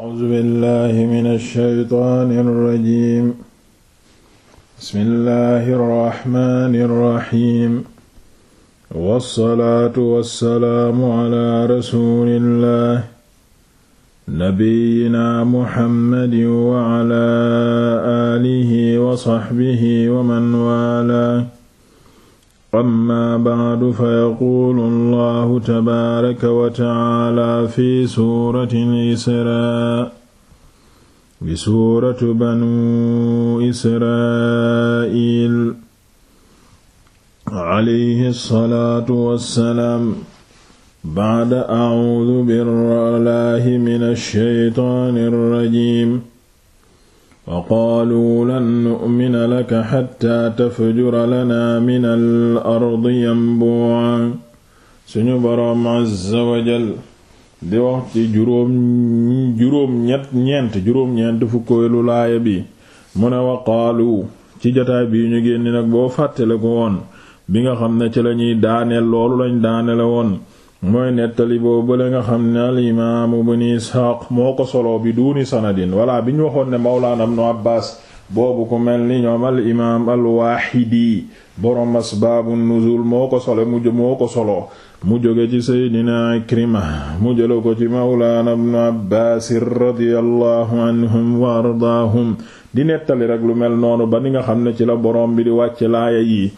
أعوذ بالله من الشيطان الرجيم بسم الله الرحمن الرحيم والصلاة والسلام على رسول الله نبينا محمد وعلى آله وصحبه ومن والاه amma bacdu fa yaquulu allahu tabaaraka wa tacaala fi suurati lisraa di suuratu banu israa'iil alayhi salaatu wassalaam bacda acuudu billaahi mina shaytaani rajiim wa qaaluu lan nu'mina laka xatta tafjura lana min al ardi yanbu'a suñu boroom azza wa jal di wax ci juróom juróom ñeent juróom-ñeent fukkoelu laaya bi mu ne wa qaalu ci jataay bi ñu génn nag boo fàttale ko woon bi nga xam ne ci lañuy daaneel loolu lañ daanele woon mooy nettali boobu la nga xam ne al imaam ibn moo ko solo bi duuni sanadin walla bi ñu waxoon ne mawlaana ibnu Abbaas boobu ko mel ni ñoom al imaam al Waaxidi boroom asbaabu nuzuul moo ko solo mu moo ko solo mu jóge ci seydina Ikrima mu jëla ko ci mawlaana ibnu Abbaas radiyallahu anhum wa ardaahum di nettali rek lu mel noonu ba ni nga xam ne ci la boroom bi di wàcc laaya yi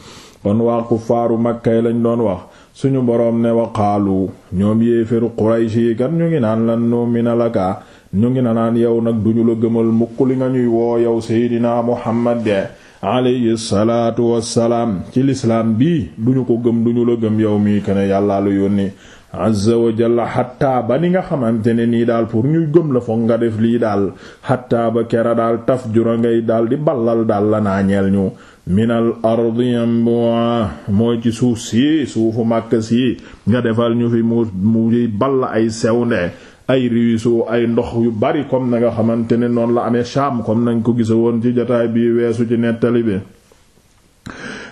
kon waa kuffaaru Makka lañ doon wax suñu boroom ne waqaalu ñoom yéeféru Quraysh yi kat ñu ngi naan lan nu'mina laka ñu ngi na naan yow nag duñu la gëmal mukk li nga ñuy woo yow seydinaa Muhammad de alayhi salaatu wassalaam ci lislaam bii duñu ko gëm duñu la gëm yow mii kene yàlla la yónni azza wa jalla xattaa ba ni nga xamante ne nii daal pour ñuy gëm la foog nga def lii daal xattaa ba kera daal taf jura ngay daal di ballal daal la naa ñeel ñu minal ardi yanbu'a mooy ci suuf si suufu màkk si nga defal ñu fi mu muy ball ay sew nde ay ruisseau ay ndox yu bari kom na nga xamante ne noonu la amee Sham comme nañ ko gisa woon ci jotaay bii weesu ci nettali bi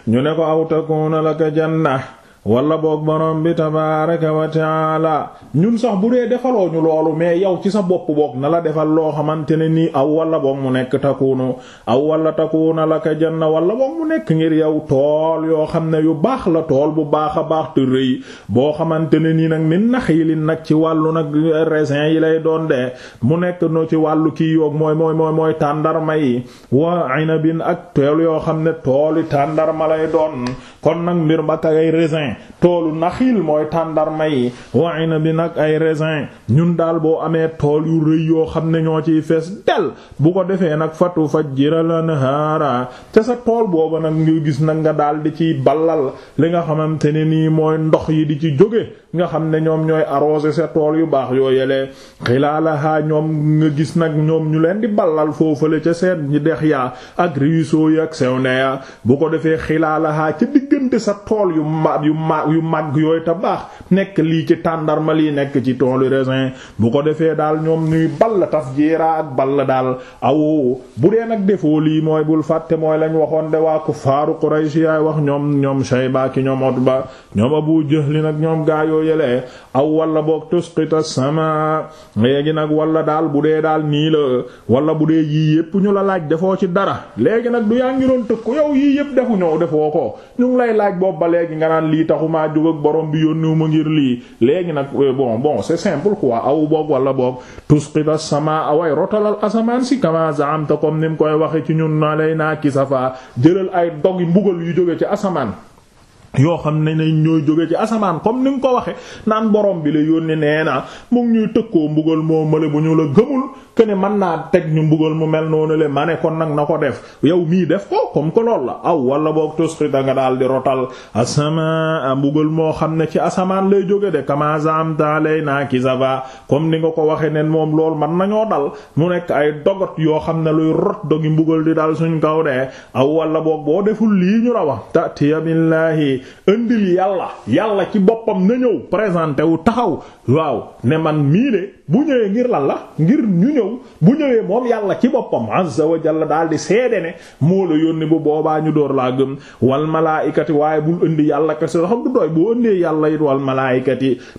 ñu ne ko aw takuna laka janna wala boog borom bi tabaaraka wa ñun sax bu dee defaloo ñu loolu mais yow ci sa bopp boog na la defal loo xamante ne nii aw wala boog mu nekk takkuunu aw wala takkuuna la ka janna wala boog mu nekk ngir yow tool yoo xam ne yu baax la tool bu baax a baax te yi boo xamante ne nii nag min nax yi li nag ci wàllu nag raisin yi lay doon de mu nekk no ci wàllu kii yoog mooy mooy mooy mooy tàndarma yi wa inabin ak tool yoo xam ne tooli tàndarma lay doon kon nag mbir ma toolu naxiil mooy tàndarma yi wa inabin nag ay raisin ñun daal boo amee tool yu rëy yoo xam ne ñoo ciy fees del bu ko defee nag fatu fajjiral anhaara ca sa tool booba nag ñu gis nag nga daal di ciy ballal li nga xamante ne nii mooy ndox yi di ci jóge nga xam ne ñoom ñooy arroser sa tool yu baax yoo yelee xilaalahaa ñoom nga gis nag ñoom ñu leen di foofu la ca seen ñi dex yaa ak ruisseau yi ak sew ne bu ko defee xilaalahaa ca diggante sa tool yu ma yu ma yu màgg yooyu te baax nekk lii ci tàndarma lii nekk ci toolu raisin bu ko defee daal ñoom ñuy ball taf jéeraa ak ball daal aw bu dee nag defoo lii mooy bul fàtte mooy lañ waxoon de waa kuffaaru Quraysh yaay wax ñoom ñoom Shayba ki ñoom ñoom Abu Jahl nag yoo aw wala boog tusqita sama léegi nag walla daal bu dee daal nii la wala bu dee yii yëpp ñu la laaj defoo ci dara léegi nag du yaa ngi doon tëkku yow yii yëpp defu ñoo defoo ko ñu lay laaj boob ba léegi nga naan lii taxumaa jóg ak borom bi yónniwu ma ngir lii léegi nag euh, bon bon c'est simple quoi aw boog wala boog tusqita sama away rotalal asamaan si kama zaamta comme ni mu koy waxe ci ñun na lay naa kisafa jëlal ay dog yi mbugal yu jóge ci asamaan yoo xam ne nañ ñooy jóge ci asamaan comme ni nga ko waxe naan borom bi la yónni nee na mu ngi ñuy tëkkoo mbugal moo male bu ñu la gëmul ne man naa teg ñu mbugal mu mel noonu le ma ne kon nag na ko def yow mii def ko comme que loolu la aw wala boog tosxita nga daal di rotal asama mbugal moo xam ne ci asamaan lay jóge de kamazamta lay naa kisava comme ni nga ko waxe ne moom loolu mën nañoo dal mu nekk ay dogot yoo xam ne luy rot dogi mbugal di dal suñ kaw de aw walla boog boo deful lii ñu la wax tatiya billahi indil yàlla yàlla ci boppam na ñëw présenté wu taxaw waaw ne man mii ñëw bu ñëwee moom yàlla ci boppam azza wa jalla daal di seede ne moo la yónni bu boobaa ñu door laa gëm wal malaayikati waaye bul indi yàlla kese xam du doy boo indee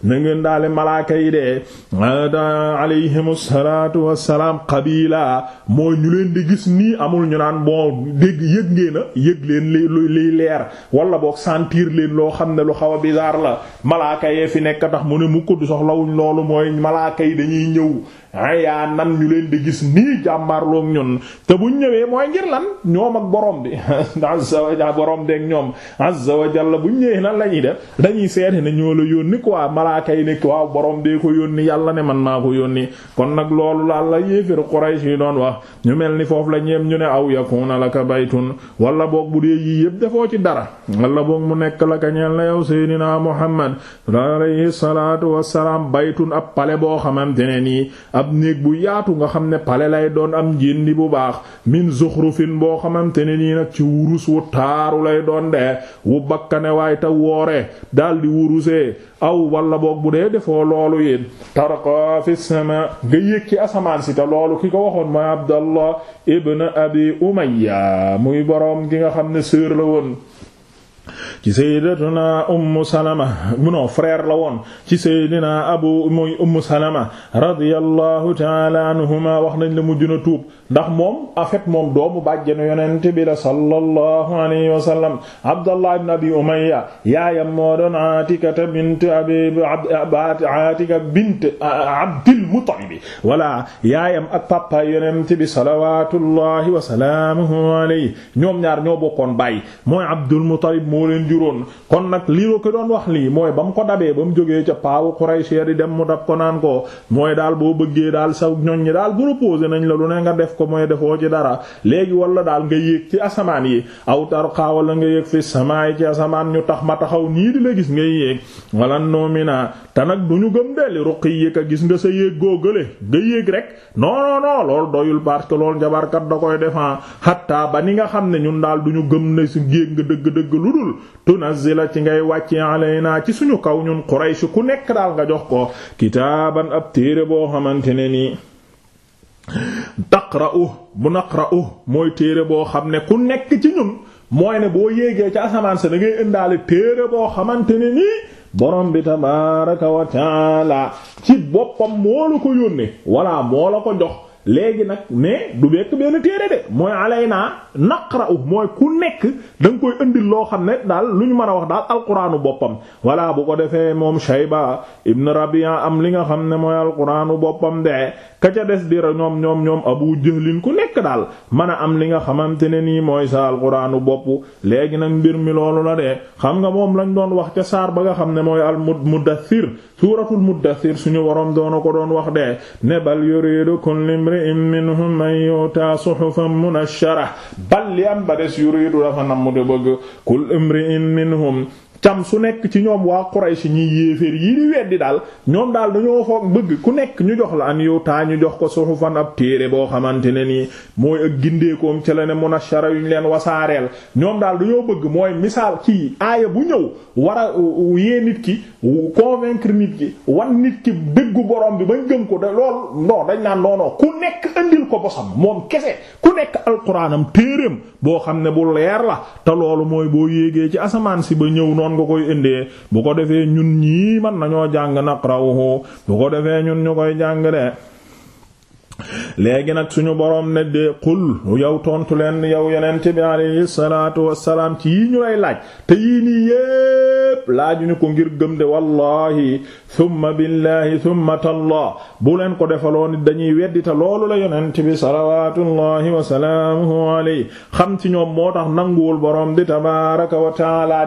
ngeen daale malaaka yi dee alayhimu salaatu wassalaam qabila mooy ñu leen di gis nii amul ñu naan bon dégg yëg ngeen a yëg leen leer wala boog sentir leen loo xam ne lu xaw a bizarre la malaaka yee fi nekk tax mu ne mu ko du soxlawuñ loolu mooy malaaka yi dañuy ñëw yaa nan ñu leen di gis nii jàmmarloog ñun te buñ ñëwee mooy ngir lan ñoom ak borom bi azza wa jalla borom ñoom azza wa jalla ñëwee nan la ñuy def dañuy seeti ne ñoo la yónni quoi malaaka yi ne waaw borom dee ko yónni yàlla ne man maa ko yónni kon nag loolu laal la yéefér Quraysh yi doon wax ñu mel ni foofu la ñeem ñu ne aw yakuna laka baytun wala boog bu dee yii yëpp defoo ci dara wala boog mu nekk la ka ñeel na yow Seydina Muhammad alayhi salaatu pale boo xamante ne nii ab néeg bu yaatu nga xam ne pale lay doon am njindi bu baax min zuxrufin boo xamante ne nii nag ci wurus wu taaru lay doon de wu bakkane waay te woore daldi wurusee aw walla boog bu dee defoo loolu yit tarqa fi sama nga yéeg asamaan si te loolu ki ko waxoon mooy Abdallah ibn Abi Umayya muy borom ki nga xam ne sër la woon ci sayyidatuna ummu salama muno frère la woon ci sayyidina abu mooy ummu salama radiyallahu ta'ala anhuma wax nañ la mujj na tuub ndax moom en fait moom doomu bàjjenu yonent bi la alayhi wa abdallah ibn abi umayya yaayam moo doon atikata bint abi atika bint abdil Mut'im voilà yaayam ak papa yonent bi salawaatullahi wa salaamuhu alayhi ñoom ñaar ñoo bokkoon baay mooy Abdul Muttalib moo leen juróon kon nag li la ko doon wax lii mooy ba mu ko dabee ba mu jógee ca paawu Quraysh yi dem mu dab ko naan ko mooy daal boo bëggee daal sa ñoñ ñi daal proposé nañ la lu ne nga def ko mooy defoo ci dara léegi wala daal nga yéeg ci asamaan yi aw tarqa wala nga yéeg fi samaay ci asamaan ñu tax ma taxaw nii di la gis ngay yéeg wala noomina te nag duñu gëm de gis nga sa góo gële nga yéeg rek non lool non loolu doyul parce que loolu njabarkat da koy defan ah. hatta ba ni nga xam ne ñun daal duñu gëm ne si géeg nga dëgg-dëgg lu dul la ci ngay wàcc wàcce naa ci suñu kaw ñun si ku nekk daal nga jox ko kitaaban ab téere boo xamante ne nii taqra'u bu naqra'u mooy téere boo xam ne ku nekk ci ñun mooy ne boo yéegee ci asamaan sa da indaale téere boo xamante ne nii borom bi tabaaraka wa taala ci boppam moo ko yónnee walla moo ko jox léegi nag mais du bekk benn téere de mooy alay naa naqra'u mooy ku nekk da koy indi loo xam ne daal lu ñu mën a wax daal alquraanu boppam walla bu ko defee moom Shayba ibn Rabi'a am li nga xam ne mooy alquraanu boppam ka ca des dira ñoom ñoom ñoom Abu Jahlin ku nekk daal mën a am li nga xamante ne nii mooy sa alquraanu bopp léegi nag mbir mi loolu la de xam nga moom lañ doon wax ca saar ba nga xam ne mooy al muddathir suuratul muddathir suñu waroom doona ko doon wax de ne bal yuridu kullu imri'in minhum an yu'ta suhufan munashshara bal li am ba des yuridu dafa nam mu de bëgg kul imri'in minhum cam su nekk ci ñoom waa Quraysh ñi yéeféer yi di weddi daal ñoom daal dañoo foog bëgg ku nekk ñu jox la an yow taa ñu jox ko suhufan ab téere boo xamante ne nii mooy ak gindeekoom ci la ne munashara yu ñu leen wasaareel ñoom daal dañoo bëgg mooy misaal kii aaya bu ñëw war a yee nit ki convaincre nit ki wan nit ki dëggu borom bi bañ gëm ko de lool non dañ naan non non ku nekk andil ko bosam moom kese ku nekk alxuraanam téereem boo xam ne bu leer la te loolu mooy boo yéegee ci asamaan si ba ñëw noon nga koy indee bu ko defee ñun ñii man nañoo jàng naqrawuhu bu ko defee ñun ñu koy jàng de léegi nag suñu boroom ne de qul yow tontu leen yow yonent bi alayhi salaatu wassalaam ci yii ñu lay laaj te yii nii yépp laajuñu ko ngir gëm de wallahi thumma billahi thumma tallah bu leen ko defaloon dañuy weddita loolu la yonent bi salawaatullahi wa salaamuhu xam ci ñoom moo tax nanguwul boroom di tabaaraka wa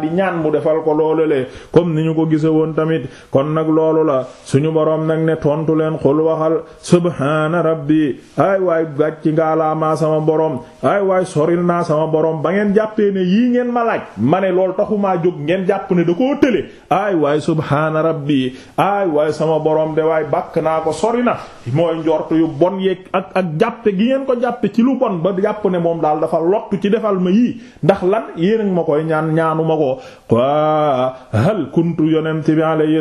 di ñaan mu defal ko loolu le comme ni ñu ko gise woon tamit kon nag loolu la suñu boroom nag ne tontu leen qul waxal subhaana rabbi ay waay gàcc ngaalaamaa sama borom ay waay soril naa sama boroom ba ngeen jàppee ne yii ngeen ma laaj ma ne lool loolu taxumaa jóg ngeen jàpp ne da koo tële ay waay subhaana rabbi ay waay sama boroom de waay bàkk naa ko sori na mooy njort yu bon yeeg ak ak jàppe gi ngeen ko jàppe ci lu bon ba jàpp ne moom daal dafa lottu ci defal ma yii ndax lan yéen ma koy ñaan ñaanu ma ko waa hal kuntu yonent bi alayhi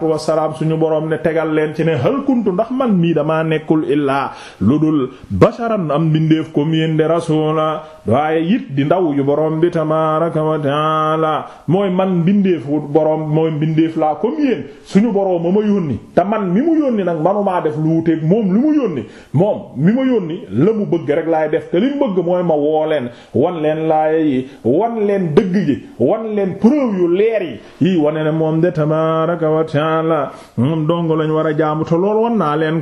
wassalaam suñu borom ne tegal illa lu dul basharan am bindeef comme yéen de rasula waaye it di ndaw yu boroom bi tabaraka wa taala mooy man bindeefu borom mooy bindeef laa comme suñu borom ma ma yónni te man mi mu yónni nag manumaa def lu wuteeg moom lu mu yónni moom mi ma yónni la mu bëgg rek laay def te li mu bëgg mooy ma woo leen wan leen laaya yi wan leen dëgg gi wan leen preuve yu leer yi yi wane ne moom de tabaraka wa taala moom dong lañ war a jaamu te loolu wan naa leen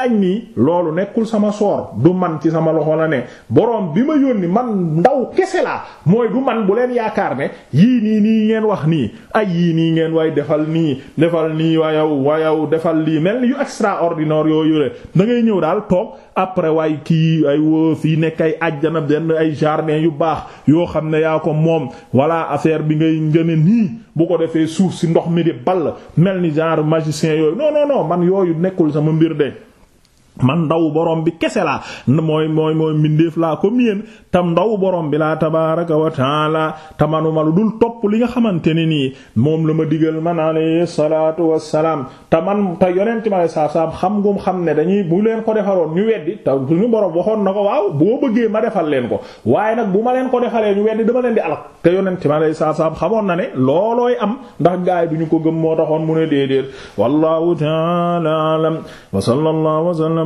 laaj nii loolu nekkul sama soor du man ci sama loxo la ne borom bi ma yónni man ndaw kese laa mooy du man bu leen yaakaar ne yii nii nii ngeen wax nii ay yii nii ngeen way defal nii defal nii wayaw wayaw defal nii mel ni yu extraordinaire yoo yore da ngay ñëw daal toog après waay kii ay woo fii nekk ay ajjana benn ay jardin yu baax yoo xam ne yaa ko moom walla affaire bi ngay ngëne nii bu ko defee suuf si ndox mi di ball mel ni genre magicien yooyu man yooyu nekkul sama mbir de man ndaw borom bi kese laa mooy mooy mooy mbindeef laa comme yéen tam ndaw borom bi laa tabaaraka wa taala tamanuma lu dul topp li nga xamante ne nii moom la ma digal man alayhi salaatu wassalaam te man te yonent ma saa saa xam ngum xam ne dañuy bu leen ko defaloon ñu weddi te suñu borom waxoon na ko waaw boo bëggee ma defal leen ko waaye nag bu ma leen ko defalee ñu weddi dama leen di alak te yonent ma saa saa xamoon na ne loolooy am ndax gaay duñu ko gëm moo taxoon mu ne déedéet wallahu taala alam wa sallallahu